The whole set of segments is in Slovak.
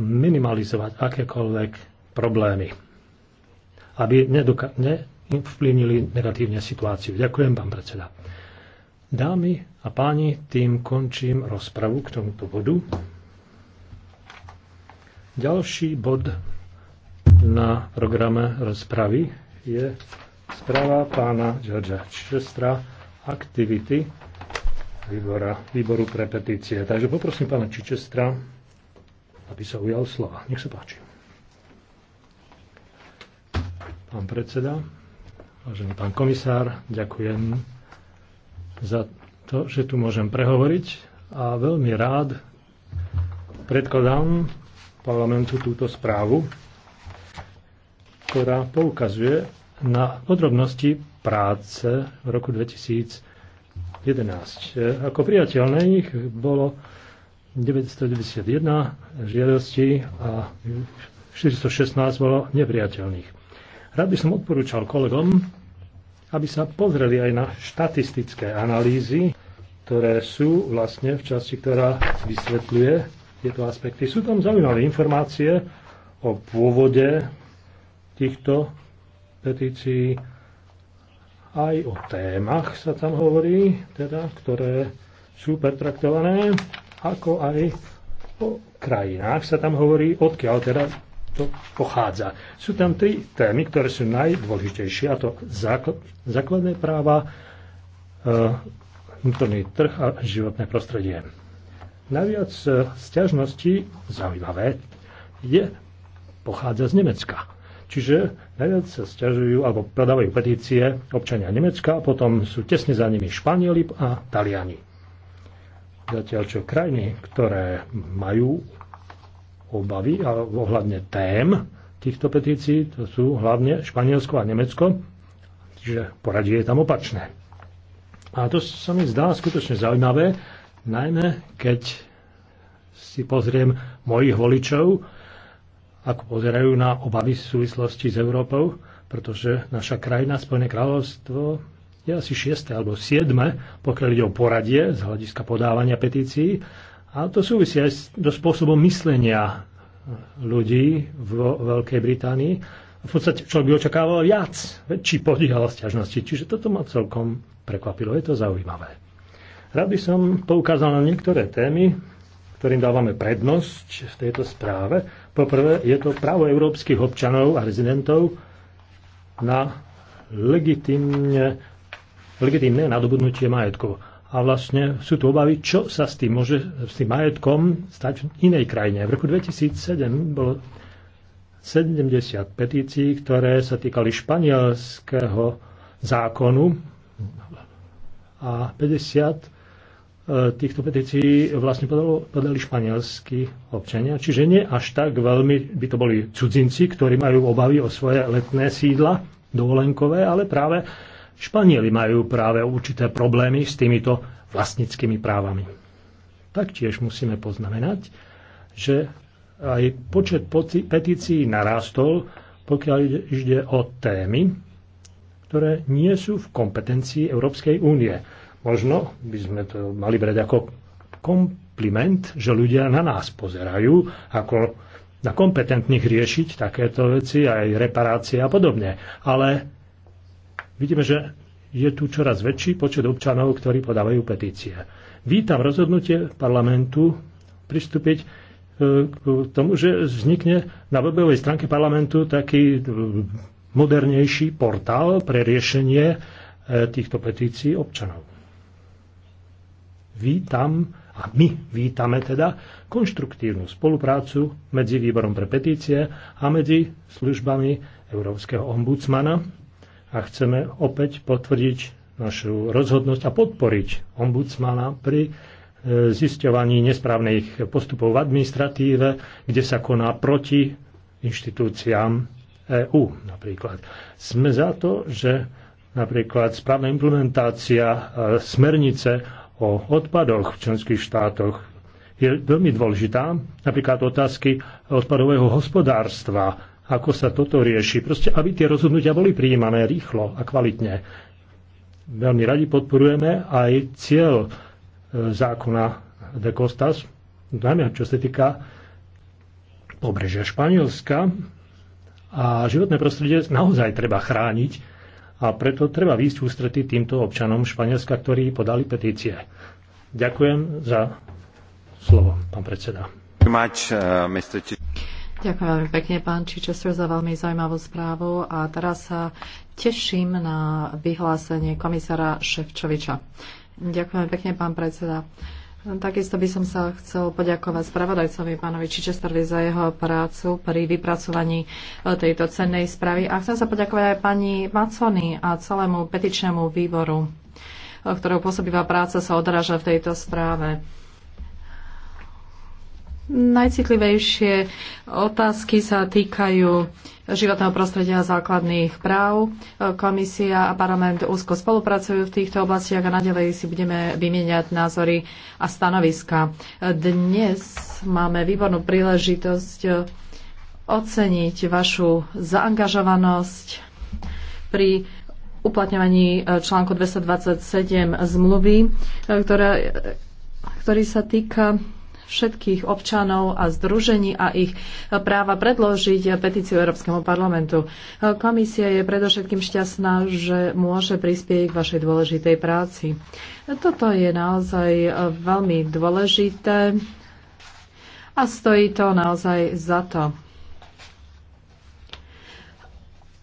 minimalizovať akékoľvek problémy, aby nevplyvnili negatívne situáciu. Ďakujem, pán predseda. Dámy a páni, tým končím rozpravu k tomuto bodu. Ďalší bod na programe rozpravy je správa pána Georgia Čestra aktivity výboru pre petície. Takže poprosím pána Čičestra, aby sa ujal slova. Nech sa páči. Pán predseda, vážený pán komisár, ďakujem za to, že tu môžem prehovoriť a veľmi rád predkladám parlamentu túto správu, ktorá poukazuje na podrobnosti práce v roku 2011. Ako priateľné ich bolo 991 žiadosti a 416 bolo nepriateľných. Rád by som odporúčal kolegom, aby sa pozreli aj na štatistické analýzy, ktoré sú vlastne v časti, ktorá vysvetľuje tieto aspekty. Sú tam zaujímavé informácie o pôvode týchto petícií, aj o témach sa tam hovorí, teda, ktoré sú pertraktované ako aj o krajinách sa tam hovorí, odkiaľ teda to pochádza. Sú tam tri témy, ktoré sú najdôležitejšie, a to základné práva, e, vnútorný trh a životné prostredie. Naviac e, sťažnosti zaujímavé je, pochádza z Nemecka. Čiže najviac sa stiažujú alebo predávajú petície občania Nemecka a potom sú tesne za nimi Španieli a Taliani. Zatiaľ čo krajiny, ktoré majú obavy a ohľadne tém týchto petícií, to sú hlavne Španielsko a Nemecko, čiže poradie je tam opačné. A to sa mi zdá skutočne zaujímavé, najmä keď si pozriem mojich voličov, ako pozerajú na obavy v súvislosti s Európou, pretože naša krajina, Spojené kráľovstvo, je asi 6. alebo 7. pokiaľ ide o poradie z hľadiska podávania petícií. A to súvisí aj do spôsobom myslenia ľudí v Veľkej Británii. V podstate človek by očakával viac, väčší podiel stiažnosti. Čiže toto ma celkom prekvapilo. Je to zaujímavé. Rád by som poukázal na niektoré témy, ktorým dávame prednosť v tejto správe. Poprvé je to právo európskych občanov a rezidentov na legitimne legitimné nadobudnutie majetku. A vlastne sú tu obavy, čo sa s tým môže s tým majetkom stať v inej krajine. V roku 2007 bolo 70 petícií, ktoré sa týkali španielského zákonu a 50 e, týchto petícií vlastne podalo, podali španielskí občania. Čiže nie až tak veľmi by to boli cudzinci, ktorí majú obavy o svoje letné sídla dovolenkové, ale práve Španieli majú práve určité problémy s týmito vlastnickými právami. Taktiež musíme poznamenať, že aj počet petícií narástol, pokiaľ ide o témy, ktoré nie sú v kompetencii Európskej únie. Možno by sme to mali brať ako kompliment, že ľudia na nás pozerajú ako na kompetentných riešiť takéto veci, aj reparácie a podobne. Ale vidíme, že je tu čoraz väčší počet občanov, ktorí podávajú petície. Vítam rozhodnutie parlamentu pristúpiť e, k tomu, že vznikne na webovej stránke parlamentu taký e, modernejší portál pre riešenie e, týchto petícií občanov. Vítam a my vítame teda konštruktívnu spoluprácu medzi výborom pre petície a medzi službami Európskeho ombudsmana, a chceme opäť potvrdiť našu rozhodnosť a podporiť ombudsmana pri e, zisťovaní nesprávnych postupov v administratíve, kde sa koná proti inštitúciám EÚ napríklad. Sme za to, že napríklad správna implementácia e, smernice o odpadoch v členských štátoch je veľmi dôležitá. Napríklad otázky odpadového hospodárstva ako sa toto rieši. Proste, aby tie rozhodnutia boli prijímané rýchlo a kvalitne. Veľmi radi podporujeme aj cieľ e, zákona de Costas, najmä čo sa týka pobrežia Španielska a životné prostredie naozaj treba chrániť a preto treba výjsť ústrety týmto občanom Španielska, ktorí podali petície. Ďakujem za slovo, pán predseda. Much, uh, Ďakujem veľmi pekne, pán Čičester, za veľmi zaujímavú správu a teraz sa teším na vyhlásenie komisára Ševčoviča. Ďakujem pekne, pán predseda. Takisto by som sa chcel poďakovať spravodajcovi pánovi Čičestrovi za jeho prácu pri vypracovaní e, tejto cennej správy a chcem sa poďakovať aj pani Maconi a celému petičnému výboru, e, ktorého pôsobivá práca sa odráža v tejto správe. Najcitlivejšie otázky sa týkajú životného prostredia a základných práv. Komisia a parlament úzko spolupracujú v týchto oblastiach a nadalej si budeme vymieňať názory a stanoviska. Dnes máme výbornú príležitosť oceniť vašu zaangažovanosť pri uplatňovaní článku 227 zmluvy, ktorá, ktorý sa týka všetkých občanov a združení a ich práva predložiť petíciu Európskemu parlamentu. Komisia je predovšetkým šťastná, že môže prispieť k vašej dôležitej práci. Toto je naozaj veľmi dôležité a stojí to naozaj za to.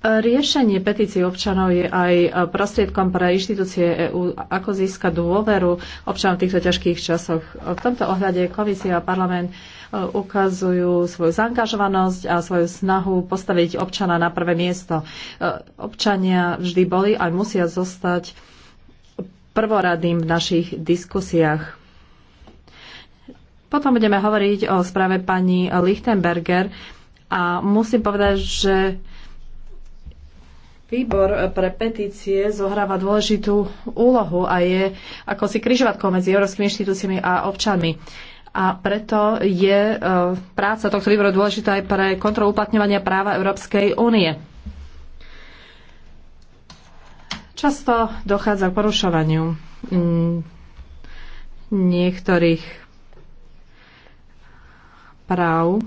Riešenie petícií občanov je aj prostriedkom pre inštitúcie EÚ, ako získať dôveru občanov v týchto ťažkých časoch. V tomto ohľade komisia a parlament e, ukazujú svoju zaangažovanosť a svoju snahu postaviť občana na prvé miesto. E, občania vždy boli a musia zostať prvoradným v našich diskusiách. Potom budeme hovoriť o správe pani Lichtenberger a musím povedať, že Výbor pre petície zohráva dôležitú úlohu a je ako si kryžovatkou medzi európskymi inštitúciami a občanmi. A preto je e, práca tohto výboru dôležitá aj pre kontrolu uplatňovania práva Európskej únie. Často dochádza k porušovaniu mm, niektorých práv.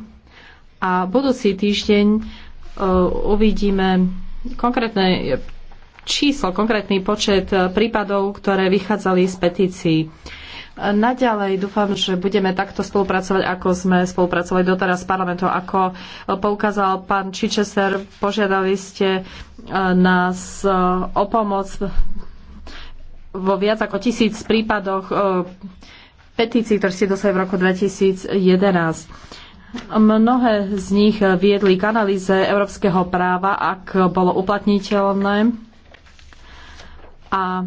A budúci týždeň e, uvidíme konkrétne číslo, konkrétny počet eh, prípadov, ktoré vychádzali z petícií. Naďalej dúfam, že budeme takto spolupracovať, ako sme spolupracovali doteraz s parlamentom. Ako eh, poukázal pán Čičeser, požiadali ste eh, nás o pomoc vo viac ako tisíc prípadoch petícií, ktoré ste dosali v roku 2011 Mnohé z nich viedli k analýze európskeho práva, ak bolo uplatniteľné. A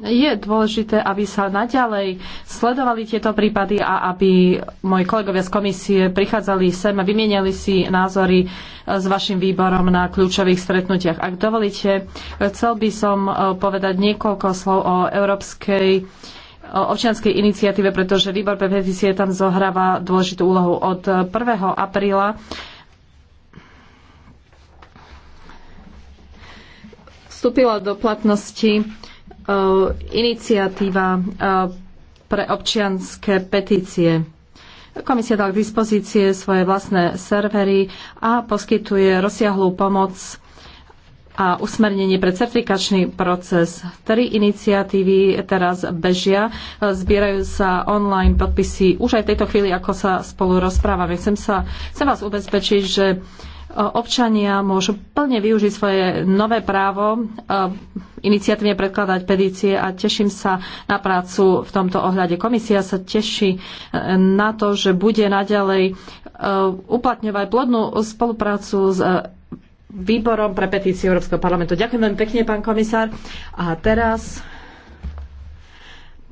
je dôležité, aby sa naďalej sledovali tieto prípady a aby moji kolegovia z komisie prichádzali sem a vymienili si názory s vašim výborom na kľúčových stretnutiach. Ak dovolíte, chcel by som povedať niekoľko slov o Európskej občianskej iniciatíve, pretože výbor pre petície tam zohráva dôležitú úlohu. Od 1. apríla vstúpila do platnosti e, iniciatíva e, pre občianské petície. Komisia dala k dispozície svoje vlastné servery a poskytuje rozsiahlú pomoc a usmernenie pre certifikačný proces. Tri iniciatívy teraz bežia. Zbierajú sa online podpisy už aj v tejto chvíli, ako sa spolu rozprávame. Chcem, sa, chcem vás ubezpečiť, že e, občania môžu plne využiť svoje nové právo e, iniciatívne predkladať petície a teším sa na prácu v tomto ohľade. Komisia sa teší e, na to, že bude naďalej uplatňovať plodnú spoluprácu s výborom pre petíciu Európskeho parlamentu. Ďakujem veľmi pekne, pán komisár. A teraz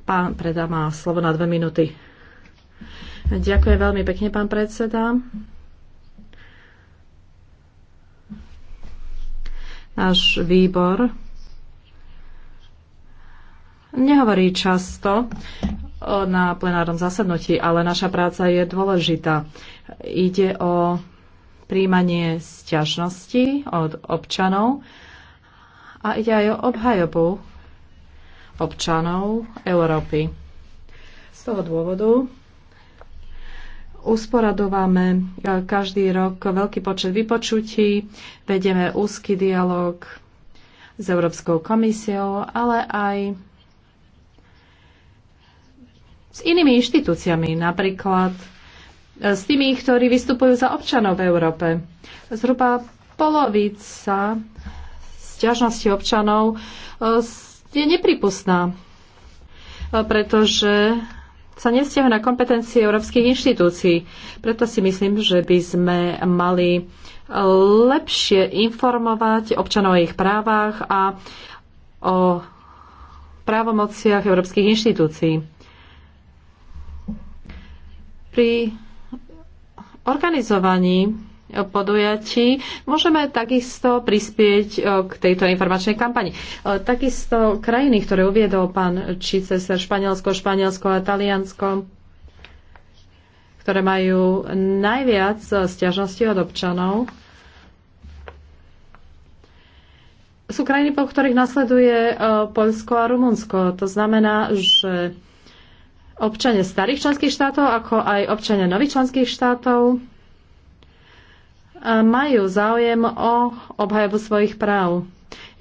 pán Preda má slovo na dve minúty. Ďakujem veľmi pekne, pán predseda. Náš výbor nehovorí často na plenárnom zasadnutí, ale naša práca je dôležitá. Ide o príjmanie sťažnosti od občanov a ide aj o obhajobu občanov Európy. Z toho dôvodu usporadováme e, každý rok veľký počet vypočutí, vedieme úzky dialog s Európskou komisiou, ale aj s inými inštitúciami, napríklad E, s tými, ktorí vystupujú za občanov v Európe. Zhruba polovica sťažnosti občanov e, je nepripustná, e, pretože sa nestiahujú na kompetencie európskych inštitúcií. Preto si myslím, že by sme mali lepšie informovať občanov o ich právach a o právomociach európskych inštitúcií. Pri organizovaní podujatí môžeme takisto prispieť e, k tejto informačnej kampani. E, takisto krajiny, ktoré uviedol pán Čicesar Španielsko, Španielsko a Taliansko, ktoré majú najviac stiažností od občanov, sú krajiny, po ktorých nasleduje e, Poľsko a Rumunsko. To znamená, že občania starých členských štátov, ako aj občania nových členských štátov majú záujem o obhajobu svojich práv.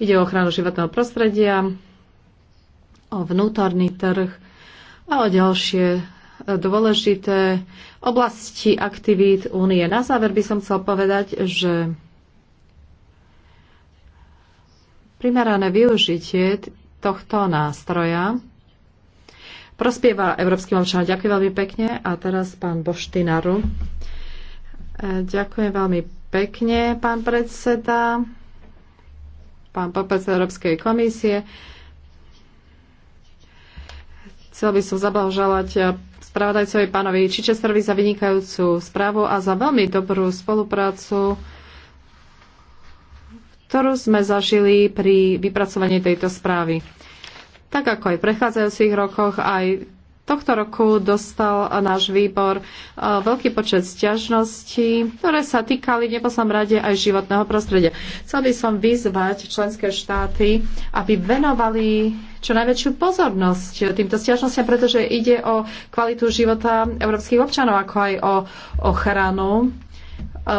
Ide o ochranu životného prostredia, o vnútorný trh a o ďalšie dôležité oblasti aktivít únie. Na záver by som chcel povedať, že primerané využitie tohto nástroja prospieva európskym občanom. Ďakujem veľmi pekne. A teraz pán Boštinaru. E, ďakujem veľmi pekne, pán predseda, pán podpredseda Európskej komisie. Chcel by som zablahoželať spravodajcovi pánovi Čičestrovi za vynikajúcu správu a za veľmi dobrú spoluprácu, ktorú sme zažili pri vypracovaní tejto správy. Tak ako aj v prechádzajúcich rokoch, aj tohto roku dostal náš výbor e, veľký počet sťažností, ktoré sa týkali neposlednom rade aj životného prostredia. Chcel by som vyzvať členské štáty, aby venovali čo najväčšiu pozornosť týmto stiažnostiam, pretože ide o kvalitu života európskych občanov, ako aj o ochranu e,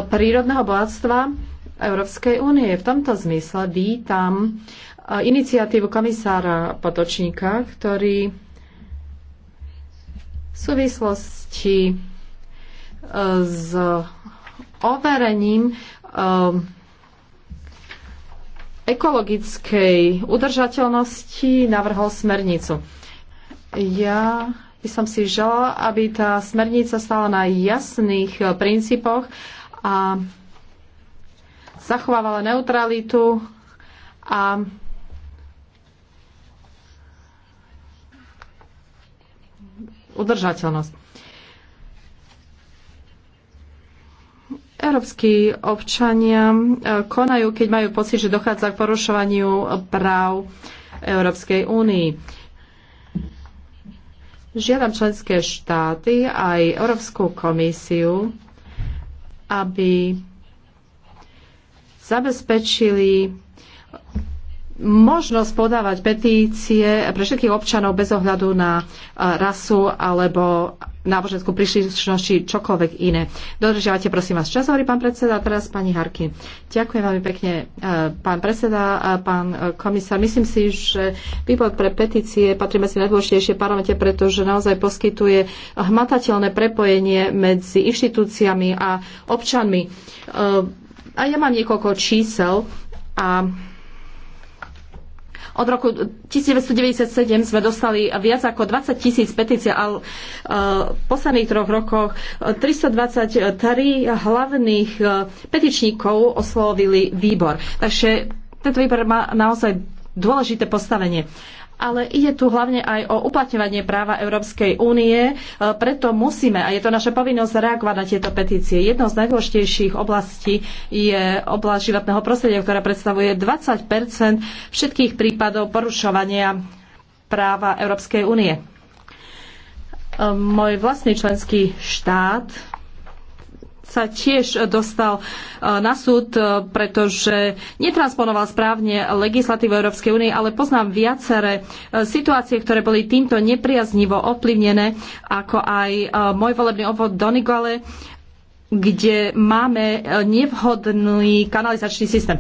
prírodného bohatstva Európskej únie. V tomto zmysle vítam iniciatívu komisára Potočníka, ktorý v súvislosti e, s overením e, ekologickej udržateľnosti navrhol smernicu. Ja by som si želala, aby tá smernica stala na jasných e, princípoch a zachovávala neutralitu a udržateľnosť. Európsky občania e, konajú, keď majú pocit, že dochádza k porušovaniu práv Európskej únii žiadam členské štáty aj Európsku komisiu, aby zabezpečili možnosť podávať petície pre všetkých občanov bez ohľadu na rasu alebo náboženskú príslušnosť či čokoľvek iné. Dodržiavate prosím vás čas, hovorí pán predseda, a teraz pani Harky. Ďakujem veľmi pekne, pán predseda, a pán e, komisár. Myslím si, že výbor pre petície patrí medzi najdôležitejšie parlamente, pretože naozaj poskytuje hmatateľné prepojenie medzi inštitúciami a občanmi. E, a ja mám niekoľko čísel a od roku 1997 sme dostali viac ako 20 tisíc petícií, ale e, v posledných troch rokoch 323 e, hlavných e, petičníkov oslovili výbor. Takže tento výbor má naozaj dôležité postavenie ale ide tu hlavne aj o uplatňovanie práva Európskej únie, e, preto musíme, a je to naša povinnosť, reagovať na tieto petície. Jednou z najdôležitejších oblastí je oblasť životného prostredia, ktorá predstavuje 20 všetkých prípadov porušovania práva Európskej únie. E, môj vlastný členský štát sa tiež dostal e, na súd, e, pretože netransponoval správne legislatívu Európskej únie, ale poznám viaceré e, situácie, ktoré boli týmto nepriaznivo ovplyvnené, ako aj môj volebný obvod Donigale, kde máme nevhodný kanalizačný systém.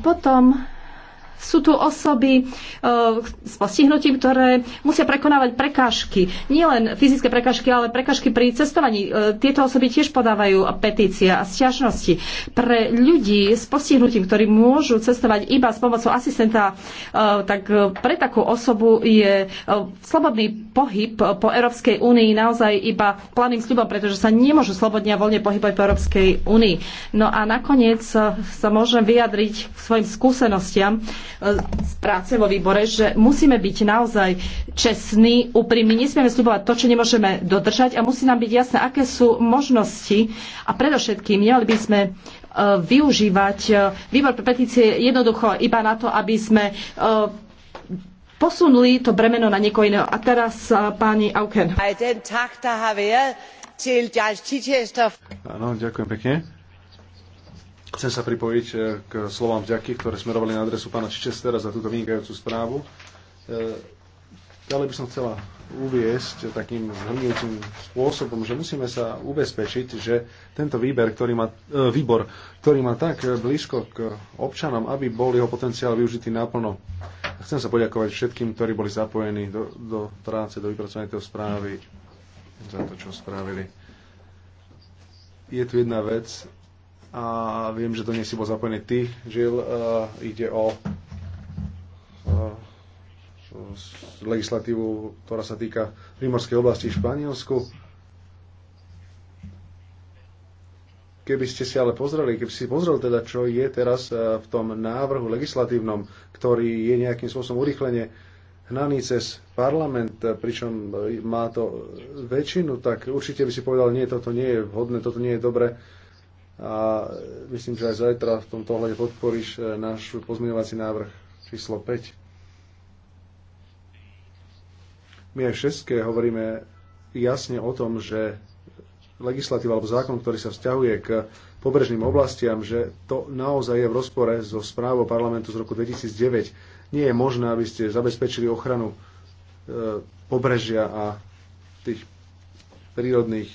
Potom sú tu osoby uh, s postihnutím, ktoré musia prekonávať prekážky. Nielen fyzické prekážky, ale prekážky pri cestovaní. Uh, tieto osoby tiež podávajú petície a stiažnosti. Pre ľudí s postihnutím, ktorí môžu cestovať iba s pomocou asistenta, uh, tak pre takú osobu je uh, slobodný pohyb po Európskej únii naozaj iba planým sľubom, pretože sa nemôžu slobodne a voľne pohybovať po Európskej únii. No a nakoniec sa môžem vyjadriť k svojim skúsenostiam z práce vo výbore, že musíme byť naozaj čestní, úprimní, nesmieme slubovať to, čo nemôžeme dodržať a musí nám byť jasné, aké sú možnosti a predovšetkým nemali by sme e, využívať e, výbor pre petície jednoducho iba na to, aby sme e, posunuli to bremeno na niekoho iného. A teraz páni Auken. Áno, ďakujem pekne. Chcem sa pripojiť e, k slovám vďaky, ktoré smerovali na adresu pána Čičestera za túto vynikajúcu správu. E, ďalej by som chcela uviesť takým zhrnujúcim spôsobom, že musíme sa ubezpečiť, že tento výber, ktorý má, e, výbor, ktorý má tak blízko k občanom, aby bol jeho potenciál využitý náplno. Chcem sa poďakovať všetkým, ktorí boli zapojení do, do práce, do vypracovania tejto správy, za to, čo spravili. Je tu jedna vec, a viem, že to nie si bol zapojený ty, Žil. Uh, ide o uh, legislatívu, ktorá sa týka primorskej oblasti v Španielsku. Keby ste si ale pozreli, keby si pozrel teda, čo je teraz e, v tom návrhu legislatívnom, ktorý je nejakým spôsobom urychlenie hnaný cez parlament, e, pričom e, má to väčšinu, tak určite by si povedal, nie, toto nie je vhodné, toto nie je dobre a myslím, že aj zajtra v tomto ohľade podporíš e, náš pozmeňovací návrh číslo 5. My aj všetké hovoríme jasne o tom, že legislatíva alebo zákon, ktorý sa vzťahuje k pobrežným oblastiam, že to naozaj je v rozpore so správou parlamentu z roku 2009. Nie je možné, aby ste zabezpečili ochranu e, pobrežia a tých prírodných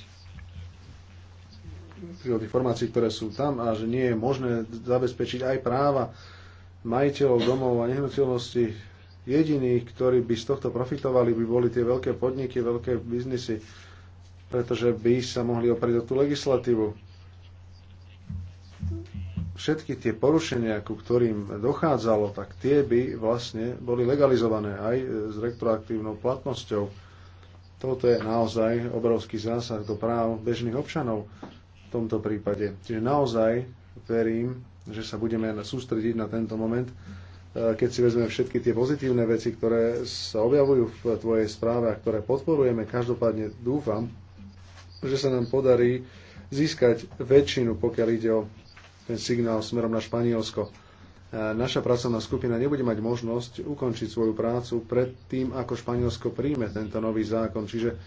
tých ktoré sú tam a že nie je možné zabezpečiť aj práva majiteľov domov a nehnuteľností Jediní, ktorí by z tohto profitovali, by boli tie veľké podniky, veľké biznisy, pretože by sa mohli oprieť o tú legislatívu. Všetky tie porušenia, ku ktorým dochádzalo, tak tie by vlastne boli legalizované aj s retroaktívnou platnosťou. Toto je naozaj obrovský zásah do práv bežných občanov v tomto prípade. Čiže naozaj verím, že sa budeme sústrediť na tento moment, eh, keď si vezmeme všetky tie pozitívne veci, ktoré sa objavujú v tvojej správe a ktoré podporujeme. Každopádne dúfam, že sa nám podarí získať väčšinu, pokiaľ ide o ten signál smerom na Španielsko. Eh, naša pracovná skupina nebude mať možnosť ukončiť svoju prácu pred tým, ako Španielsko príjme tento nový zákon. Čiže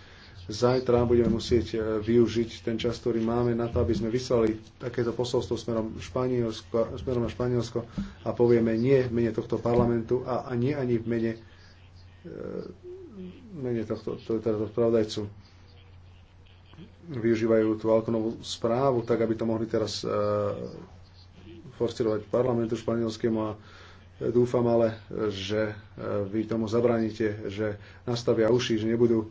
Zajtra budeme musieť e, využiť ten čas, ktorý máme na to, aby sme vyslali takéto posolstvo smerom, Španielsko, smerom na Španielsko a povieme nie v mene tohto parlamentu a, a nie ani v mene, e, mene tohto, to, teda tohto spravodajcu Využívajú tú Alkonovú správu, tak aby to mohli teraz e, forcirovať parlamentu španielskému a e, dúfam ale, že e, vy tomu zabraníte, že nastavia uši, že nebudú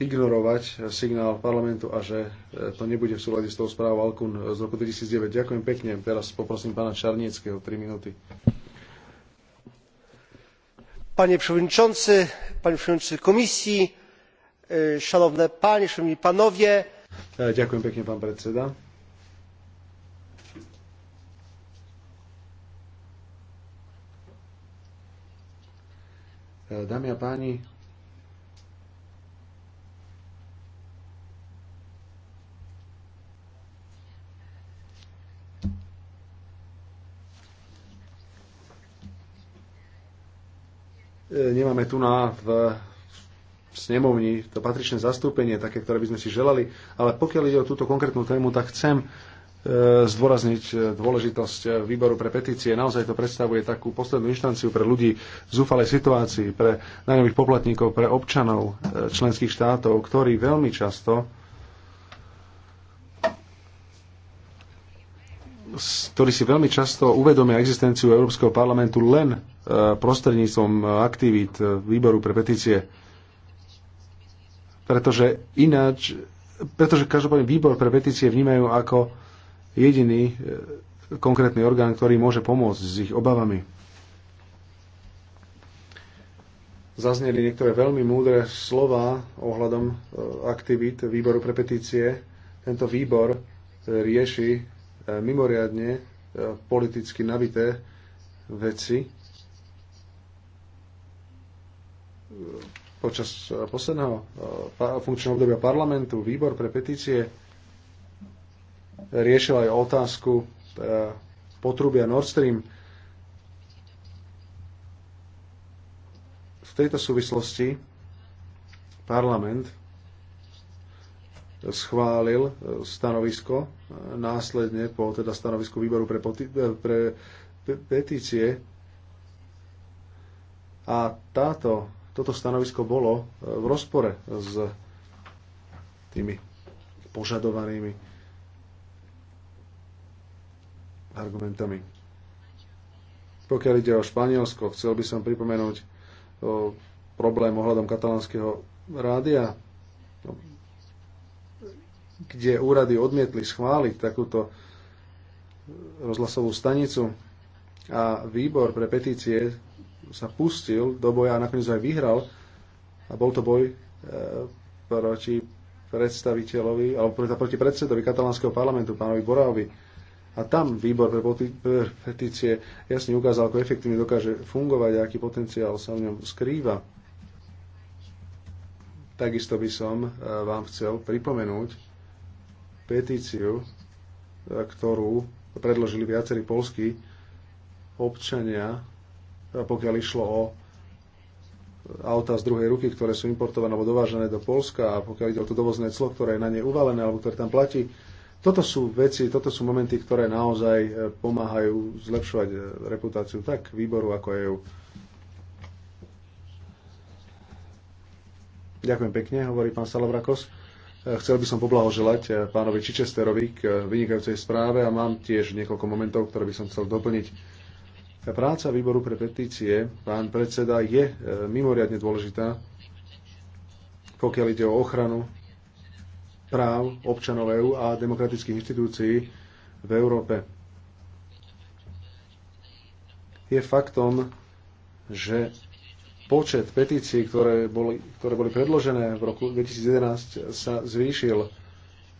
ignorovať signál parlamentu a že e, to nebude v súlade s tou správou Alkun z roku 2009. Ďakujem pekne. Teraz poprosím pána Čarnieckého, 3 minúty. Panie przewodniczący, panie przewodniczący komisji, e, szanowne panie, szanowni panowie. E, ďakujem pekne, pán predseda. Dámy a páni, E, nemáme tu na v snemovni to patričné zastúpenie, také, ktoré by sme si želali, ale pokiaľ ide o túto konkrétnu tému, tak chcem e, zdôrazniť e, dôležitosť výboru pre petície. Naozaj to predstavuje takú poslednú inštanciu pre ľudí v zúfalej situácii, pre najnových poplatníkov, pre občanov členských štátov, ktorí veľmi často ktorí si veľmi často uvedomia existenciu Európskeho parlamentu len Eh, prostredníctvom aktivít eh, výboru pre petície. Pretože ináč, pretože každopádne výbor pre petície vnímajú ako jediný eh, konkrétny orgán, ktorý môže pomôcť s ich obavami. Zazneli niektoré veľmi múdre slova ohľadom aktivít výboru pre petície. Tento výbor rieši mimoriadne politicky nabité veci počas eh, posledného eh, funkčného obdobia parlamentu výbor pre petície riešil aj otázku eh, potrubia Nord Stream. V tejto súvislosti parlament schválil stanovisko, následne po teda stanovisku výboru pre, poti- pre petície. A táto toto stanovisko bolo e, v rozpore s tými požadovanými argumentami. Pokiaľ ide o Španielsko, chcel by som pripomenúť o e, problém ohľadom katalánskeho rádia, no, kde úrady odmietli schváliť takúto rozhlasovú stanicu a výbor pre petície sa pustil do boja a nakoniec aj vyhral. A bol to boj e, proti predstaviteľovi, alebo proti predsedovi katalánskeho parlamentu, pánovi Borávi. A tam výbor pre petície jasne ukázal, ako efektívne dokáže fungovať a aký potenciál sa v ňom skrýva. Takisto by som e, vám chcel pripomenúť petíciu, e, ktorú predložili viacerí polskí občania pokiaľ išlo o auta z druhej ruky, ktoré sú importované alebo dovážené do Polska a pokiaľ ide o to dovozné clo, ktoré je na ne uvalené alebo ktoré tam platí. Toto sú veci, toto sú momenty, ktoré naozaj e, pomáhajú zlepšovať e, reputáciu tak výboru ako EU. Ďakujem pekne, hovorí pán Salavrakos. E, chcel by som poblahoželať pánovi Čičesterovi k vynikajúcej správe a mám tiež niekoľko momentov, ktoré by som chcel doplniť Práca výboru pre petície, pán predseda, je e, mimoriadne dôležitá, pokiaľ ide o ochranu práv občanov EÚ a demokratických inštitúcií v Európe. Je faktom, že počet petícií, ktoré boli, ktoré boli predložené v roku 2011, sa zvýšil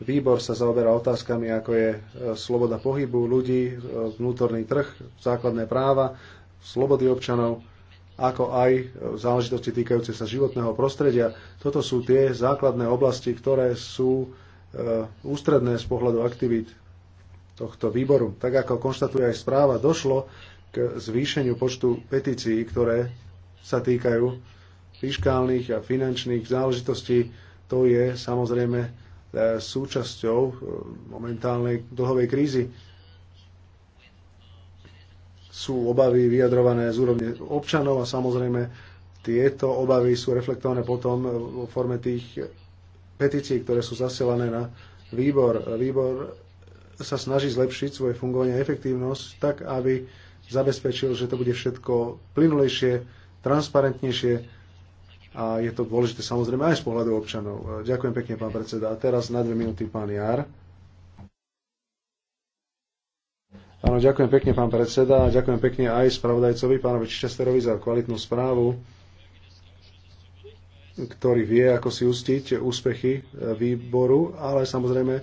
Výbor sa zaoberá otázkami, ako je e, sloboda pohybu ľudí, e, vnútorný trh, základné práva, slobody občanov, ako aj e, záležitosti týkajúce sa životného prostredia. Toto sú tie základné oblasti, ktoré sú ústredné z pohľadu aktivít tohto výboru. Tak ako konštatuje aj správa, došlo k zvýšeniu počtu petícií, ktoré sa týkajú fiskálnych a finančných záležitostí. To je samozrejme súčasťou e, momentálnej dlhovej krízy. Sú obavy vyjadrované z úrovne občanov a samozrejme tieto obavy sú reflektované potom vo forme tých petícií, ktoré sú zasielané na výbor. Výbor sa snaží zlepšiť svoje fungovanie a efektívnosť tak, aby zabezpečil, že to bude všetko plynulejšie, transparentnejšie, a je to dôležité samozrejme aj z pohľadu občanov. E, ďakujem pekne, pán predseda. A teraz na dve minúty pán Jar. Áno, ďakujem pekne, pán predseda. A ďakujem pekne aj spravodajcovi, pánovi Čičesterovi, za kvalitnú správu, ktorý vie, ako si ustiť úspechy e, výboru, ale samozrejme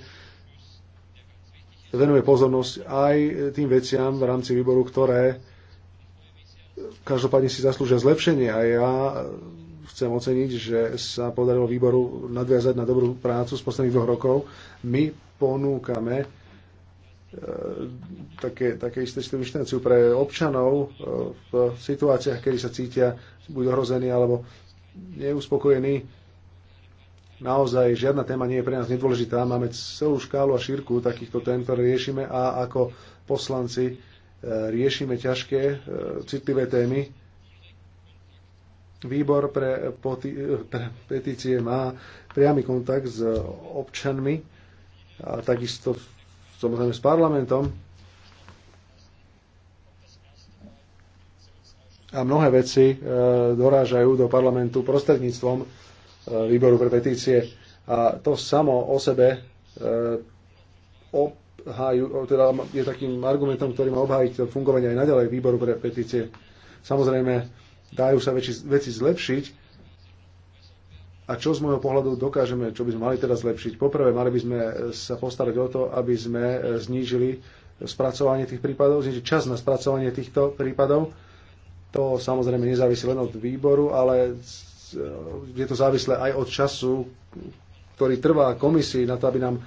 venuje pozornosť aj tým veciam v rámci výboru, ktoré každopádne si zaslúžia zlepšenie. A ja chcem oceniť, že sa podarilo výboru nadviazať na dobrú prácu z posledných dvoch rokov. My ponúkame e, také, také isté inštanciu pre občanov e, v situáciách, kedy sa cítia buď ohrození alebo neuspokojení. Naozaj žiadna téma nie je pre nás nedôležitá. Máme celú škálu a šírku takýchto tém, ktoré riešime a ako poslanci e, riešime ťažké, citlivé témy Výbor pre, poti, pre petície má priamy kontakt s občanmi a takisto samozrejme s parlamentom. A mnohé veci e, dorážajú do parlamentu prostredníctvom e, výboru pre petície. A to samo o sebe e, obhájú, teda je takým argumentom, ktorý má obhájiť fungovanie aj naďalej výboru pre petície. Samozrejme, dajú sa veci, veci zlepšiť a čo z môjho pohľadu dokážeme, čo by sme mali teraz zlepšiť. Poprvé, mali by sme sa postarať o to, aby sme znížili spracovanie tých prípadov, znižiť čas na spracovanie týchto prípadov. To samozrejme nezávisí len od výboru, ale je to závislé aj od času, ktorý trvá komisii na to, aby nám eh,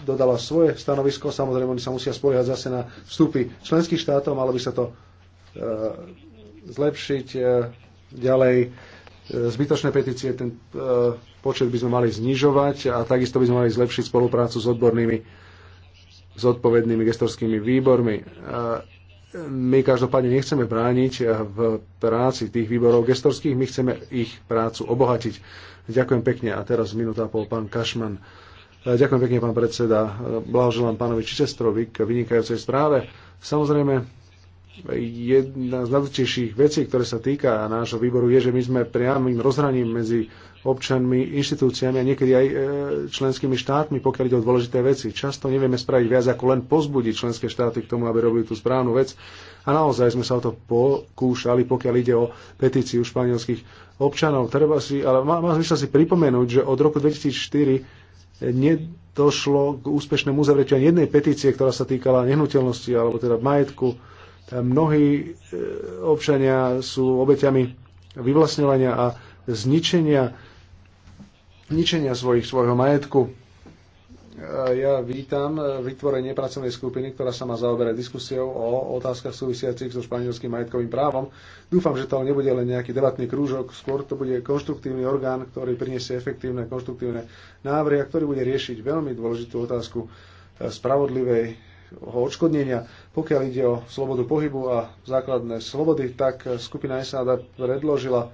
dodala svoje stanovisko. Samozrejme, oni sa musia spoliehať zase na vstupy členských štátov, malo by sa to eh, zlepšiť e, ďalej e, zbytočné petície, ten e, počet by sme mali znižovať a takisto by sme mali zlepšiť spoluprácu s odbornými, s odpovednými gestorskými výbormi. My každopádne nechceme brániť v práci tých výborov gestorských, my chceme ich prácu obohatiť. Ďakujem pekne a teraz minúta pol pán Kašman. Ďakujem pekne, pán predseda. Blahoželám pánovi Čičestrovi k vynikajúcej správe. Samozrejme, jedna z najdôležitejších vecí, ktoré sa týka nášho výboru, je, že my sme priamým rozhraním medzi občanmi, inštitúciami a niekedy aj e, členskými štátmi, pokiaľ ide o dôležité veci. Často nevieme spraviť viac ako len pozbudiť členské štáty k tomu, aby robili tú správnu vec. A naozaj sme sa o to pokúšali, pokiaľ ide o petíciu španielských občanov. Treba si, ale má, má zmysel si pripomenúť, že od roku 2004 nedošlo k úspešnému uzavretiu ani jednej petície, ktorá sa týkala nehnuteľnosti alebo teda majetku Mnohí e, občania sú obeťami vyvlastňovania a zničenia, zničenia svojich, svojho majetku. E, ja vítam e, vytvorenie pracovnej skupiny, ktorá sa má zaoberať diskusiou o otázkach súvisiacich so španielským majetkovým právom. Dúfam, že to nebude len nejaký debatný krúžok, skôr to bude konštruktívny orgán, ktorý priniesie efektívne, konštruktívne návrhy a ktorý bude riešiť veľmi dôležitú otázku spravodlivej odškodnenia. Pokiaľ ide o slobodu pohybu a základné slobody, tak skupina SAD predložila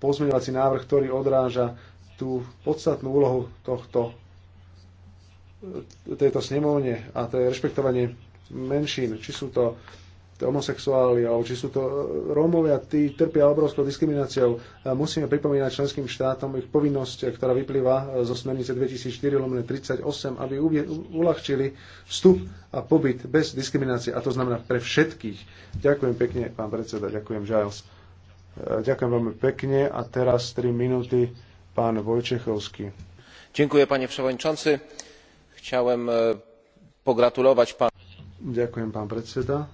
pozmeňovací návrh, ktorý odráža tú podstatnú úlohu tohto, tejto snemovne a to je rešpektovanie menšín, či sú to homosexuáli, alebo či sú to e, Rómovia, tí trpia obrovskou diskrimináciou. Musíme pripomínať členským štátom ich povinnosť, ktorá vyplýva e, zo smernice 2004-38, aby uľahčili vstup a pobyt bez diskriminácie, a to znamená pre všetkých. Ďakujem pekne, pán predseda, ďakujem, Giles. E, ďakujem veľmi pekne a teraz 3 minúty pán Vojčechovský. Ďakujem pani przewodniczący. Chciałem pogratulovať pán... Ďakujem, pán predseda.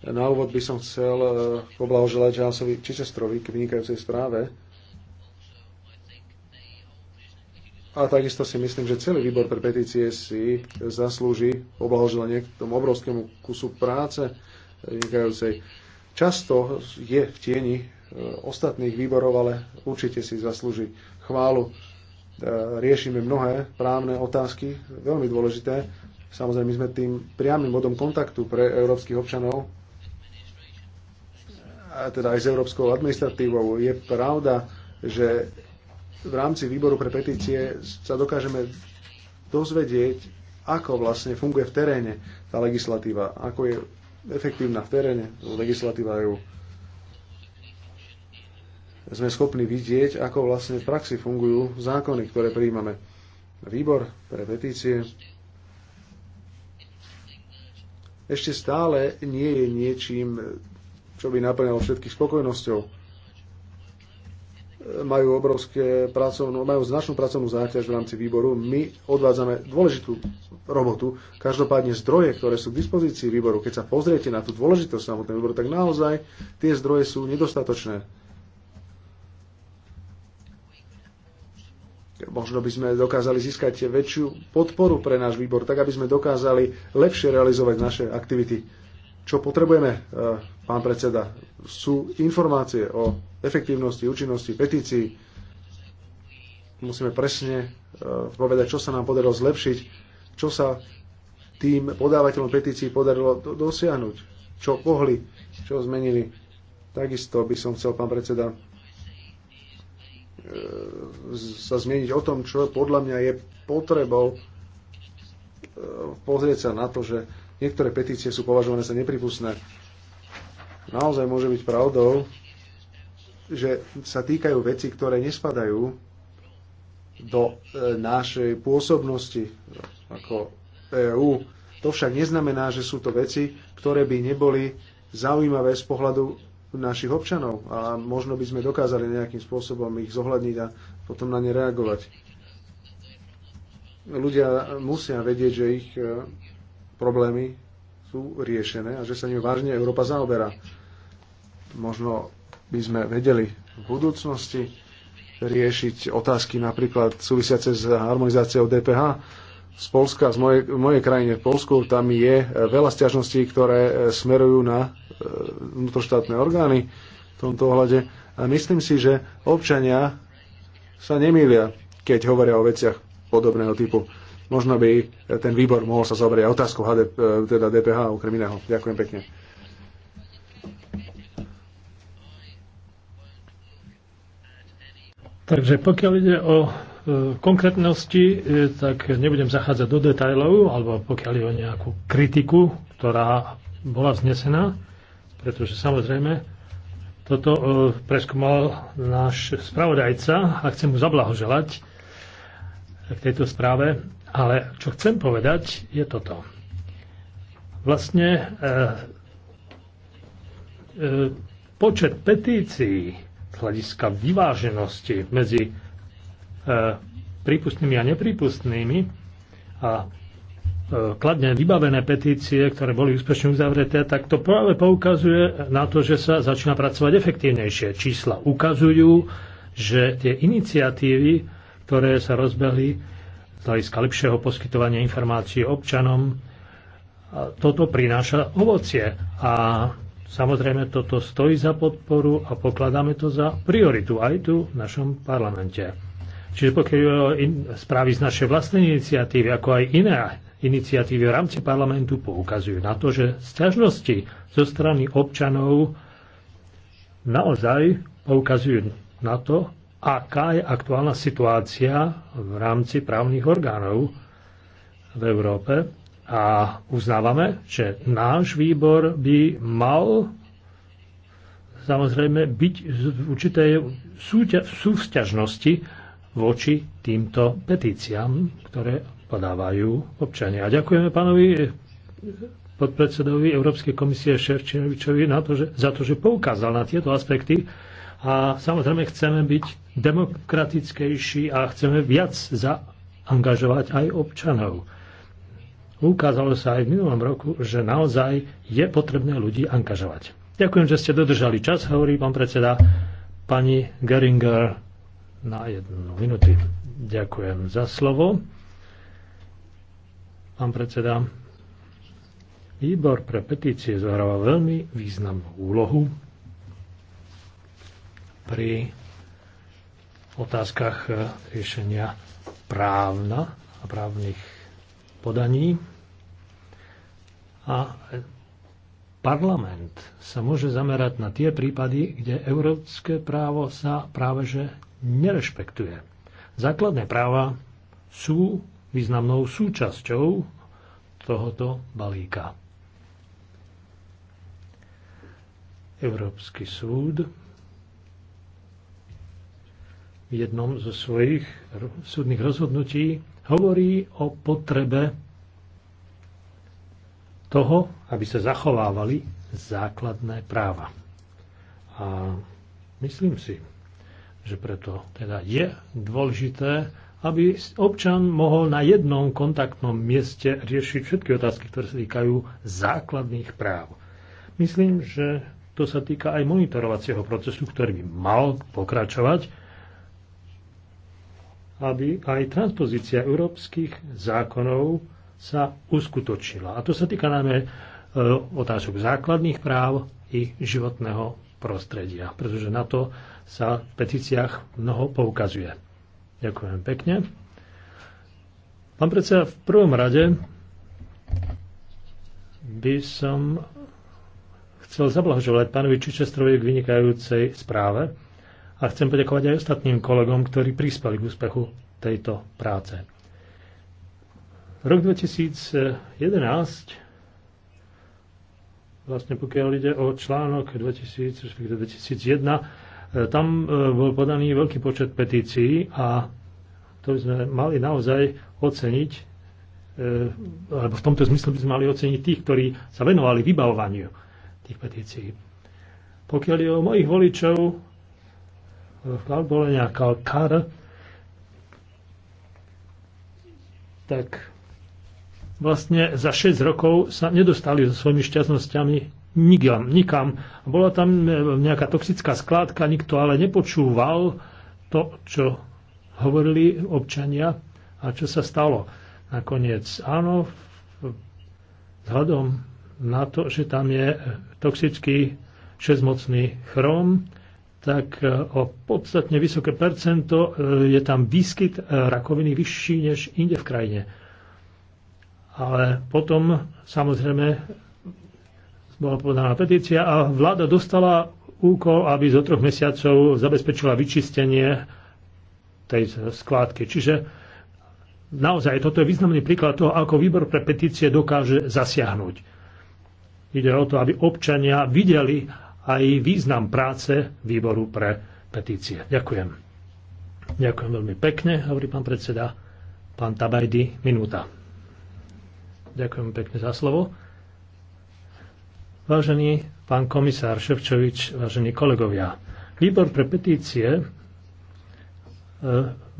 Na úvod by som chcel e, poblahoželať Jásovi Čičestrovi k vynikajúcej správe. A takisto si myslím, že celý výbor pre petície si zaslúži poblahoželanie k tomu obrovskému kusu práce vynikajúcej. Často je v tieni e, ostatných výborov, ale určite si zaslúži chválu. E, riešime mnohé právne otázky, veľmi dôležité. Samozrejme, my sme tým priamým bodom kontaktu pre európskych občanov, teda aj s európskou administratívou. Je pravda, že v rámci výboru pre petície sa dokážeme dozvedieť, ako vlastne funguje v teréne tá legislatíva, ako je efektívna v teréne legislatíva ju Sme schopní vidieť, ako vlastne v praxi fungujú zákony, ktoré prijímame. Výbor pre petície ešte stále nie je niečím čo by naplňalo všetkých spokojnosťou. Majú obrovské pracovnú, majú značnú pracovnú záťaž v rámci výboru. My odvádzame dôležitú robotu. Každopádne zdroje, ktoré sú k dispozícii výboru, keď sa pozriete na tú dôležitosť samotného výboru, tak naozaj tie zdroje sú nedostatočné. možno by sme dokázali získať väčšiu podporu pre náš výbor, tak aby sme dokázali lepšie realizovať naše aktivity. Čo potrebujeme, eh, pán predseda, sú informácie o efektívnosti, účinnosti petícií. Musíme presne eh, povedať, čo sa nám podarilo zlepšiť, čo sa tým podávateľom petícií podarilo dosiahnuť, čo pohli, čo zmenili. Takisto by som chcel, pán predseda, eh, sa zmieniť o tom, čo podľa mňa je potrebou pozrieť sa na to, že Niektoré petície sú považované za nepripustné. Naozaj môže byť pravdou, že sa týkajú veci, ktoré nespadajú do e, našej pôsobnosti ako EÚ. To však neznamená, že sú to veci, ktoré by neboli zaujímavé z pohľadu našich občanov a možno by sme dokázali nejakým spôsobom ich zohľadniť a potom na ne reagovať. Ľudia musia vedieť, že ich e, problémy sú riešené a že sa nimi vážne Európa zaoberá. Možno by sme vedeli v budúcnosti riešiť otázky napríklad súvisiace s harmonizáciou DPH. Z Polska, z mojej, mojej krajine v Polsku, tam je veľa stiažností, ktoré e, smerujú na e, vnútroštátne orgány v tomto ohľade. A myslím si, že občania sa nemýlia, keď hovoria o veciach podobného typu možno by eh, ten výbor mohol sa zobrať otázku HDP, eh, teda DPH okrem iného. Ďakujem pekne. Takže pokiaľ ide o eh, konkrétnosti, tak nebudem zachádzať do detajlov, alebo pokiaľ ide o nejakú kritiku, ktorá bola vznesená, pretože samozrejme toto preskúmal náš spravodajca a chcem mu zablahoželať v tejto správe, ale čo chcem povedať je toto. Vlastne e, e, počet petícií z hľadiska vyváženosti medzi e, prípustnými a neprípustnými a kladne vybavené petície, ktoré boli úspešne uzavreté, tak to práve poukazuje na to, že sa začína pracovať efektívnejšie. Čísla ukazujú, že tie iniciatívy ktoré sa rozbehli z hľadiska lepšieho poskytovania informácií občanom. A toto prináša ovocie a samozrejme toto stojí za podporu a pokladáme to za prioritu aj tu v našom parlamente. Čiže pokiaľ správy z našej vlastnej iniciatívy, ako aj iné iniciatívy v rámci parlamentu poukazujú na to, že sťažnosti zo strany občanov naozaj poukazujú na to, aká je aktuálna situácia v rámci právnych orgánov v Európe a uznávame, že náš výbor by mal samozrejme byť v určitej súvzťažnosti voči týmto petíciám, ktoré podávajú občania. A ďakujeme pánovi podpredsedovi Európskej komisie Ševčinovičovi na to, že, za to, že poukázal na tieto aspekty. A samozrejme chceme byť demokratickejší a chceme viac zaangažovať aj občanov. Ukázalo sa aj v minulom roku, že naozaj je potrebné ľudí angažovať. Ďakujem, že ste dodržali čas, hovorí pán predseda. Pani Geringer na jednu minúty. Ďakujem za slovo. Pán predseda, výbor pre petície zohráva veľmi významnú úlohu pri otázkach e, riešenia právna a právnych podaní. A parlament sa môže zamerať na tie prípady, kde európske právo sa práve že nerešpektuje. Základné práva sú významnou súčasťou tohoto balíka. Európsky súd v jednom zo svojich súdnych rozhodnutí hovorí o potrebe toho, aby sa zachovávali základné práva. A myslím si, že preto teda je dôležité, aby občan mohol na jednom kontaktnom mieste riešiť všetky otázky, ktoré sa týkajú základných práv. Myslím, že to sa týka aj monitorovacieho procesu, ktorý by mal pokračovať aby aj transpozícia európskych zákonov sa uskutočnila. A to sa týka najmä e, otázok základných práv i životného prostredia, pretože na to sa v petíciách mnoho poukazuje. Ďakujem pekne. Pán predseda, v prvom rade by som chcel zablahoželať pánovi Čičestrovi k vynikajúcej správe, a chcem poďakovať aj ostatným kolegom, ktorí prispeli k úspechu tejto práce. Rok 2011, vlastne pokiaľ ide o článok 2000, 2001, e, tam e, bol podaný veľký počet petícií a to by sme mali naozaj oceniť, e, alebo v tomto zmysle by sme mali oceniť tých, ktorí sa venovali vybavovaniu tých petícií. Pokiaľ je o mojich voličov, v Kalkar, tak vlastne za 6 rokov sa nedostali so svojimi šťastnosťami nikam. nikam. Bola tam e, nejaká toxická skládka, nikto ale nepočúval to, čo hovorili občania a čo sa stalo. Nakoniec áno, vzhľadom na to, že tam je toxický šesmocný chrom, tak e, o podstatne vysoké percento e, je tam výskyt e, rakoviny vyšší než inde v krajine. Ale potom samozrejme bola podaná petícia a vláda dostala úkol, aby zo troch mesiacov zabezpečila vyčistenie tej skládky. Čiže naozaj toto je významný príklad toho, ako výbor pre petície dokáže zasiahnuť. Ide o to, aby občania videli, aj význam práce výboru pre petície. Ďakujem. Ďakujem veľmi pekne, hovorí pán predseda. Pán Tabajdy, minúta. Ďakujem pekne za slovo. Vážený pán komisár Ševčovič, vážení kolegovia, výbor pre petície e,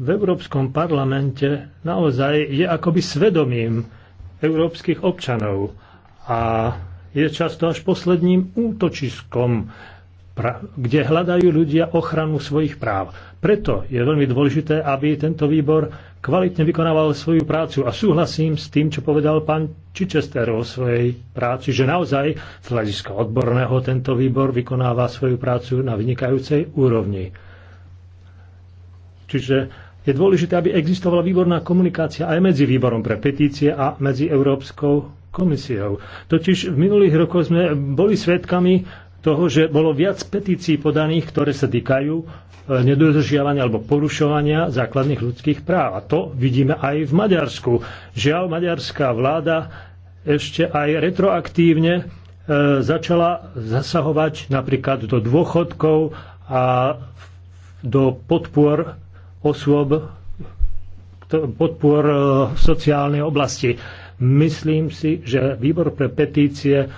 v Európskom parlamente naozaj je akoby svedomím európskych občanov a je často až posledným útočiskom, kde hľadajú ľudia ochranu svojich práv. Preto je veľmi dôležité, aby tento výbor kvalitne vykonával svoju prácu a súhlasím s tým, čo povedal pán Čičester o svojej práci, že naozaj z hľadiska odborného tento výbor vykonáva svoju prácu na vynikajúcej úrovni. Čiže je dôležité, aby existovala výborná komunikácia aj medzi výborom pre petície a medzi Európskou komisiou. Totiž v minulých rokoch sme boli svedkami toho, že bolo viac petícií podaných, ktoré sa týkajú e, nedodržiavania alebo porušovania základných ľudských práv. A to vidíme aj v Maďarsku. Žiaľ, maďarská vláda ešte aj retroaktívne e, začala zasahovať napríklad do dôchodkov a do podpor osôb, podpor e, sociálnej oblasti. Myslím si, že výbor pre petície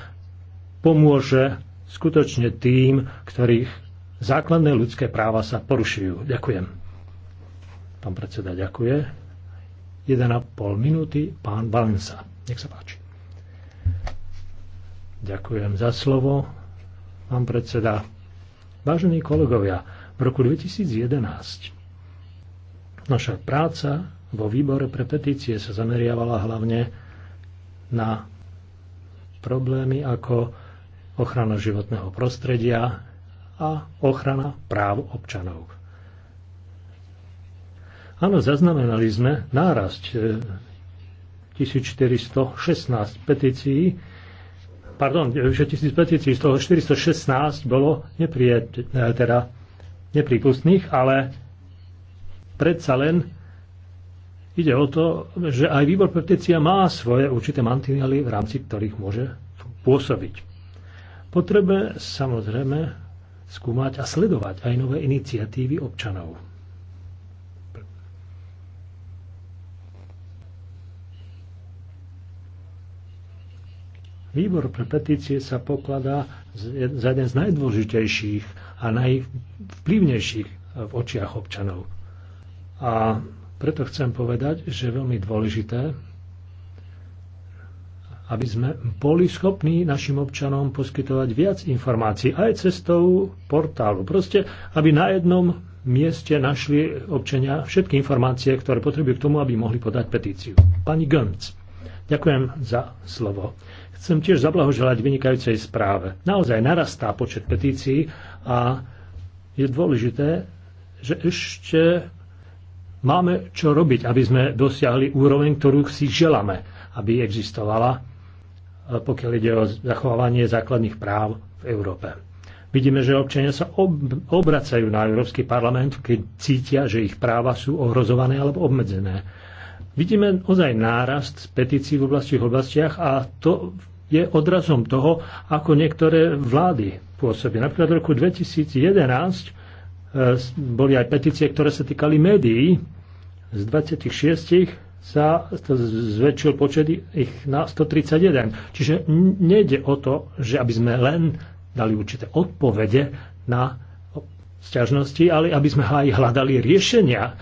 pomôže skutočne tým, ktorých základné ľudské práva sa porušujú. Ďakujem. Pán predseda, ďakuje. 1,5 minúty, pán Valensa. Nech sa páči. Ďakujem za slovo, pán predseda. Vážení kolegovia, v roku 2011 naša práca vo výbore pre petície sa zameriavala hlavne na problémy ako ochrana životného prostredia a ochrana práv občanov. Áno, zaznamenali sme nárast 1416 e, petícií, pardon, e, že 1000 petícií, z toho 416 bolo neprie, e, teda nepripustných, ale predsa len Ide o to, že aj výbor petícia má svoje určité mantinely, v rámci ktorých môže pôsobiť. Potrebe samozrejme skúmať a sledovať aj nové iniciatívy občanov. Výbor pre petície sa pokladá za jeden z najdôležitejších a najvplyvnejších v očiach občanov. A preto chcem povedať, že je veľmi dôležité, aby sme boli schopní našim občanom poskytovať viac informácií aj cestou portálu. Proste, aby na jednom mieste našli občania všetky informácie, ktoré potrebujú k tomu, aby mohli podať petíciu. Pani Gönc, ďakujem za slovo. Chcem tiež zablahoželať vynikajúcej správe. Naozaj narastá počet petícií a je dôležité, že ešte Máme čo robiť, aby sme dosiahli úroveň, ktorú si želáme, aby existovala, e, pokiaľ ide o zachovávanie základných práv v Európe. Vidíme, že občania sa ob- obracajú na Európsky parlament, keď cítia, že ich práva sú ohrozované alebo obmedzené. Vidíme ozaj nárast petícií v oblasti v oblastiach a to je odrazom toho, ako niektoré vlády pôsobia. Napríklad v roku 2011 E, boli aj petície, ktoré sa týkali médií. Z 26 sa zväčšil počet ich na 131. Čiže nejde o to, že aby sme len dali určité odpovede na sťažnosti, ale aby sme aj hľadali riešenia,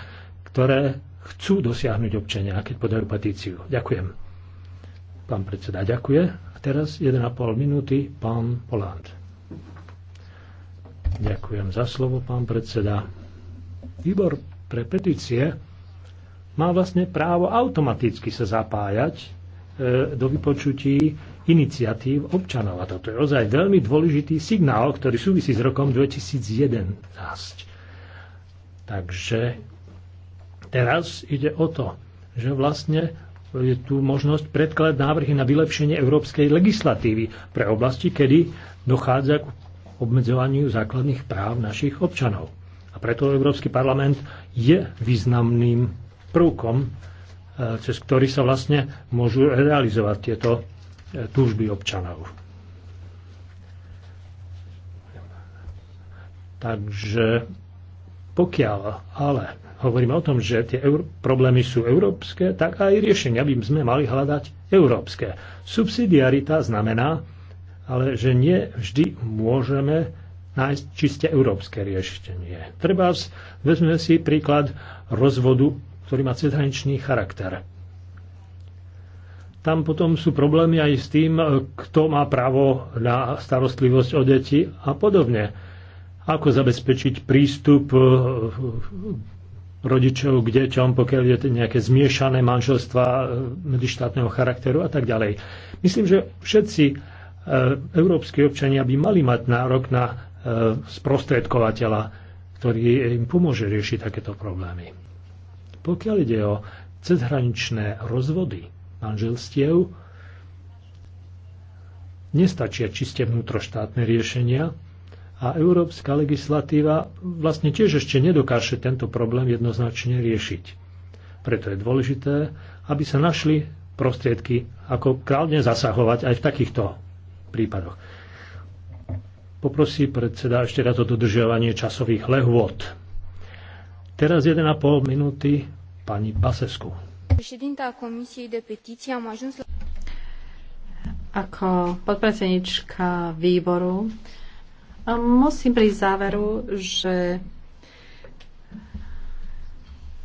ktoré chcú dosiahnuť občania, keď podajú petíciu. Ďakujem. Pán predseda, ďakuje. A teraz 1,5 minúty, pán Poland. Ďakujem za slovo, pán predseda. Výbor pre petície má vlastne právo automaticky sa zapájať e, do vypočutí iniciatív občanov. A toto je ozaj veľmi dôležitý signál, ktorý súvisí s rokom 2011. Takže teraz ide o to, že vlastne je tu možnosť predkladať návrhy na vylepšenie európskej legislatívy pre oblasti, kedy dochádza k obmedzovaniu základných práv našich občanov. A preto Európsky parlament je významným prvkom, e, cez ktorý sa vlastne môžu realizovať tieto e, túžby občanov. Takže pokiaľ ale hovoríme o tom, že tie eur- problémy sú európske, tak aj riešenia by sme mali hľadať európske. Subsidiarita znamená, ale že nie vždy môžeme nájsť čiste európske riešenie. Treba vezme si príklad rozvodu, ktorý má cezhraničný charakter. Tam potom sú problémy aj s tým, e, kto má právo na starostlivosť o deti a podobne. Ako zabezpečiť prístup e, rodičov k deťom, pokiaľ je nejaké zmiešané manželstva e, medzištátneho charakteru a tak ďalej. Myslím, že všetci E, európsky občania by mali mať nárok na e, sprostredkovateľa, ktorý im pomôže riešiť takéto problémy. Pokiaľ ide o cezhraničné rozvody manželstiev, nestačia čiste vnútroštátne riešenia a európska legislatíva vlastne tiež ešte nedokáže tento problém jednoznačne riešiť. Preto je dôležité, aby sa našli prostriedky, ako kráľne zasahovať aj v takýchto prípadoch. Poprosí predseda ešte raz o dodržiavanie časových lehôd. Teraz 1,5 minúty pani Basescu. Ako podpredsednička výboru musím prísť záveru, že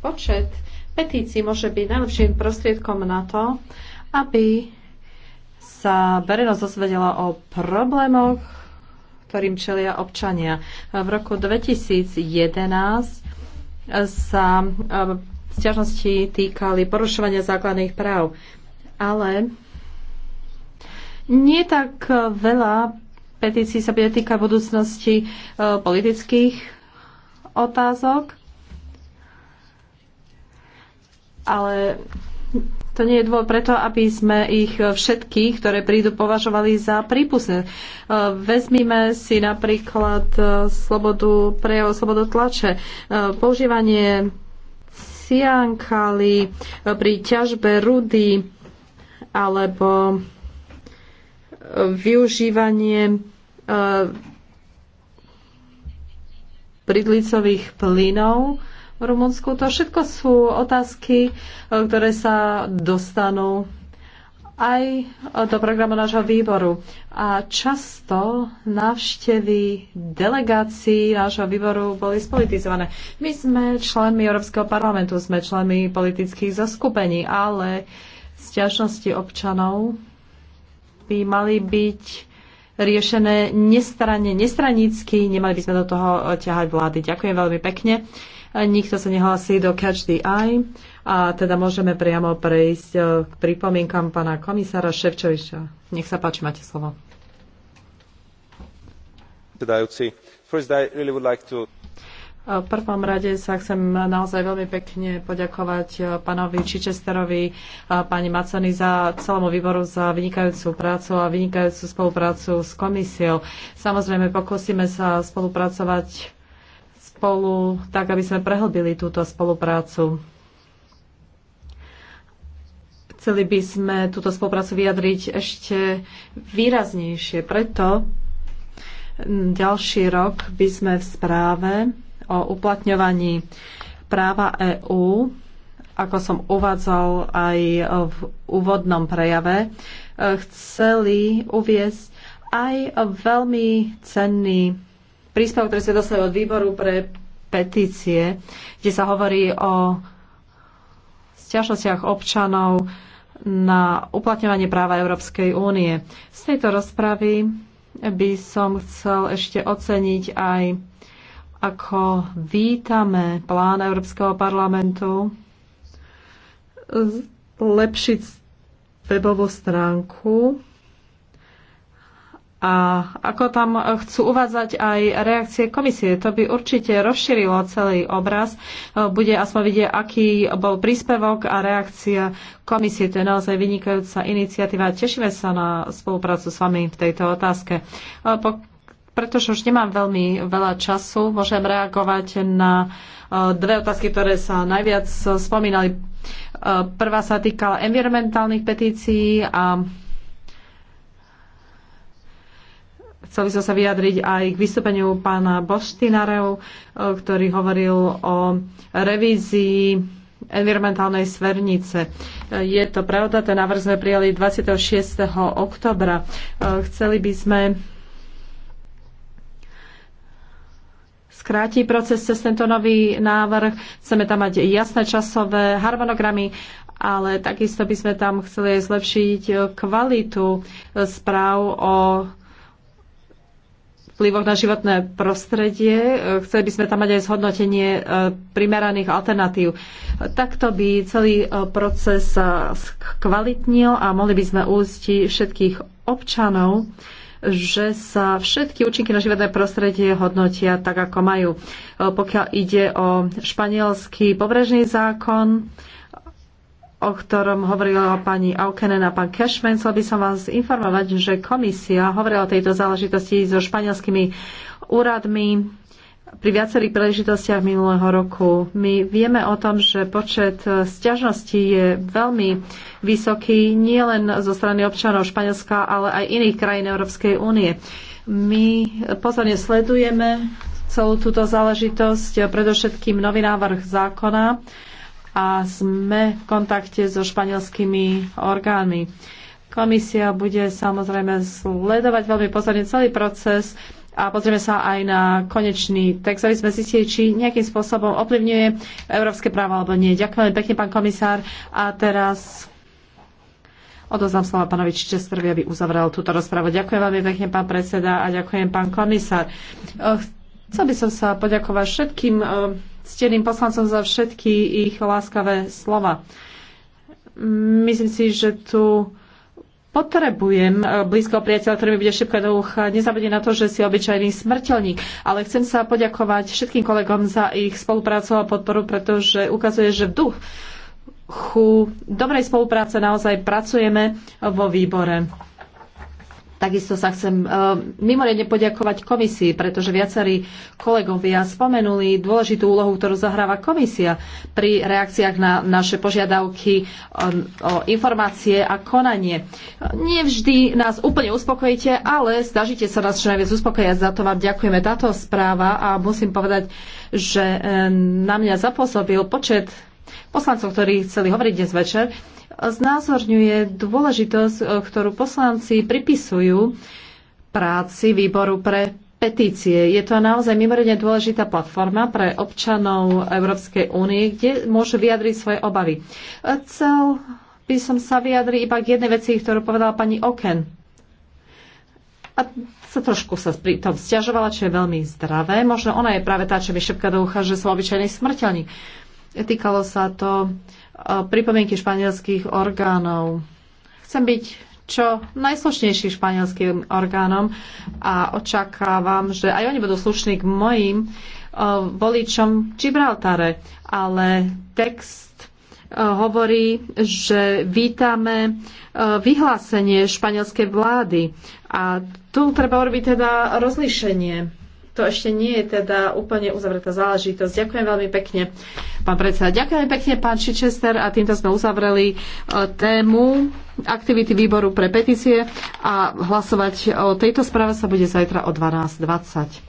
počet petícií môže byť najlepším prostriedkom na to, aby sa verejnosť dozvedela o problémoch, ktorým čelia občania. V roku 2011 sa eh, stiažnosti týkali porušovania základných práv, ale nie tak veľa petícií sa bude týka budúcnosti eh, politických otázok, ale to nie je dôvod preto, aby sme ich všetkých, ktoré prídu, považovali za prípustné. E, vezmime si napríklad e, slobodu prejavu, slobodu tlače, e, používanie siankaly pri ťažbe rudy alebo využívanie pridlicových plynov v Rumunsku. To všetko sú otázky, e, ktoré sa dostanú aj do programu nášho výboru. A často návštevy delegácií nášho výboru boli spolitizované. My sme členmi Európskeho parlamentu, sme členmi politických zaskupení, ale sťažnosti občanov by mali byť riešené nestranne, nestranícky, nemali by sme do toho ťahať vlády. Ďakujem veľmi pekne. Nikto sa nehlasí do Catch the Eye a teda môžeme priamo prejsť e, k pripomienkam pána komisára Ševčoviča. Nech sa páči, máte slovo. E, v prvom rade sa chcem naozaj veľmi pekne poďakovať e, pánovi Čičesterovi a pani Maconi za celému výboru za vynikajúcu prácu a vynikajúcu spoluprácu s komisiou. Samozrejme, pokúsime sa spolupracovať spolu, tak aby sme prehlbili túto spoluprácu. Chceli by sme túto spoluprácu vyjadriť ešte výraznejšie. Preto ďalší rok by sme v správe o uplatňovaní práva EÚ, ako som uvádzal aj v úvodnom prejave, chceli uviezť aj veľmi cenný príspevok, ktorý ste dostali od výboru pre petície, kde sa hovorí o ťažnostiach občanov na uplatňovanie práva Európskej únie. Z tejto rozpravy by som chcel ešte oceniť aj ako vítame plán Európskeho parlamentu lepšiť webovú stránku a ako tam chcú uvádzať aj reakcie komisie, to by určite rozšírilo celý obraz. Bude aspoň vidieť, aký bol príspevok a reakcia komisie. To je naozaj vynikajúca iniciatíva. Tešíme sa na spoluprácu s vami v tejto otázke. Po pretože už nemám veľmi veľa času, môžem reagovať na e, dve otázky, ktoré sa najviac spomínali. E, prvá sa týkala environmentálnych petícií a Chcel by som sa vyjadriť aj k vystúpeniu pána Boštinareu, e, ktorý hovoril o revízii environmentálnej svernice. E, je to pravda, ten návrh sme prijali 26. oktobra. E, chceli by sme skrátiť proces cez tento nový návrh. Chceme tam mať jasné časové harmonogramy, ale takisto by sme tam chceli zlepšiť kvalitu správ o vplyvoch na životné prostredie. E, chceli by sme tam mať aj zhodnotenie e, primeraných alternatív. Takto by celý e, proces skvalitnil a mohli by sme ústiť všetkých občanov, že sa všetky účinky na životné prostredie hodnotia tak, ako majú. Pokiaľ ide o španielský pobrežný zákon, o ktorom hovorila pani Aukenen a pán Cashman. Chcel by som vás informovať, že komisia hovorila o tejto záležitosti so španielskými úradmi pri viacerých príležitostiach minulého roku. My vieme o tom, že počet sťažností je veľmi vysoký nielen zo strany občanov Španielska, ale aj iných krajín Európskej únie. My pozorne sledujeme celú túto záležitosť, predovšetkým nový návrh zákona, a sme v kontakte so španielskými orgánmi. Komisia bude samozrejme sledovať veľmi pozorne celý proces a pozrieme sa aj na konečný text, aby sme zistili, či nejakým spôsobom ovplyvňuje európske práva alebo nie. Ďakujem pekne, pán komisár. A teraz odoznám slova pánovi Čestrovi, aby uzavrel túto rozprávu. Ďakujem veľmi pekne, pán predseda, a ďakujem, pán komisár. Chcel by som sa poďakovať všetkým eh, steným poslancom za všetky ich láskavé slova. Myslím si, že tu potrebujem eh, blízkoho priateľa, ktorý mi bude šepkať do ucha. Nezabudne na to, že si obyčajný smrteľník. Ale chcem sa poďakovať všetkým kolegom za ich spoluprácu a podporu, pretože ukazuje, že v chu dobrej spolupráce naozaj pracujeme vo výbore. Takisto sa chcem e, mimoriadne poďakovať komisii, pretože viacerí kolegovia spomenuli dôležitú úlohu, ktorú zahráva komisia pri reakciách na naše požiadavky e, o informácie a konanie. Nevždy nás úplne uspokojíte, ale snažíte sa nás čo najviac uspokojiť. Za to vám ďakujeme. Táto správa a musím povedať, že e, na mňa zapôsobil počet poslancov, ktorí chceli hovoriť dnes večer, znázorňuje dôležitosť, e, ktorú poslanci pripisujú práci výboru pre petície. Je to naozaj mimoriadne dôležitá platforma pre občanov Európskej únie, kde môžu vyjadriť svoje obavy. E, chcel by som sa vyjadriť iba k jednej veci, ktorú povedala pani Oken. A sa trošku sa pri tom stiažovala, čo je veľmi zdravé. Možno ona je práve tá, čo mi šepka do ucha, že som obyčajný smrteľník. Týkalo sa to pripomienky španielských orgánov. Chcem byť čo najslušnejší španielským orgánom a očakávam, že aj oni budú slušní k mojim e, voličom Gibraltare. Ale text e, hovorí, že vítame e, vyhlásenie španielskej vlády. A tu treba urobiť teda rozlíšenie to ešte nie je teda úplne uzavretá záležitosť. Ďakujem veľmi pekne, pán predseda. Ďakujem pekne, pán Čičester, a týmto sme uzavreli e, tému aktivity výboru pre petície a hlasovať o tejto správe sa bude zajtra o 12.20.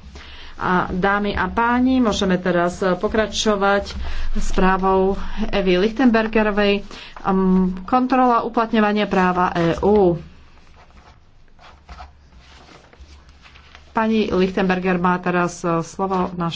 A dámy a páni, môžeme teraz pokračovať správou Evy Lichtenbergerovej. Ehm, kontrola uplatňovania práva EÚ. Pani Lichtenberger má teraz eh, slovo na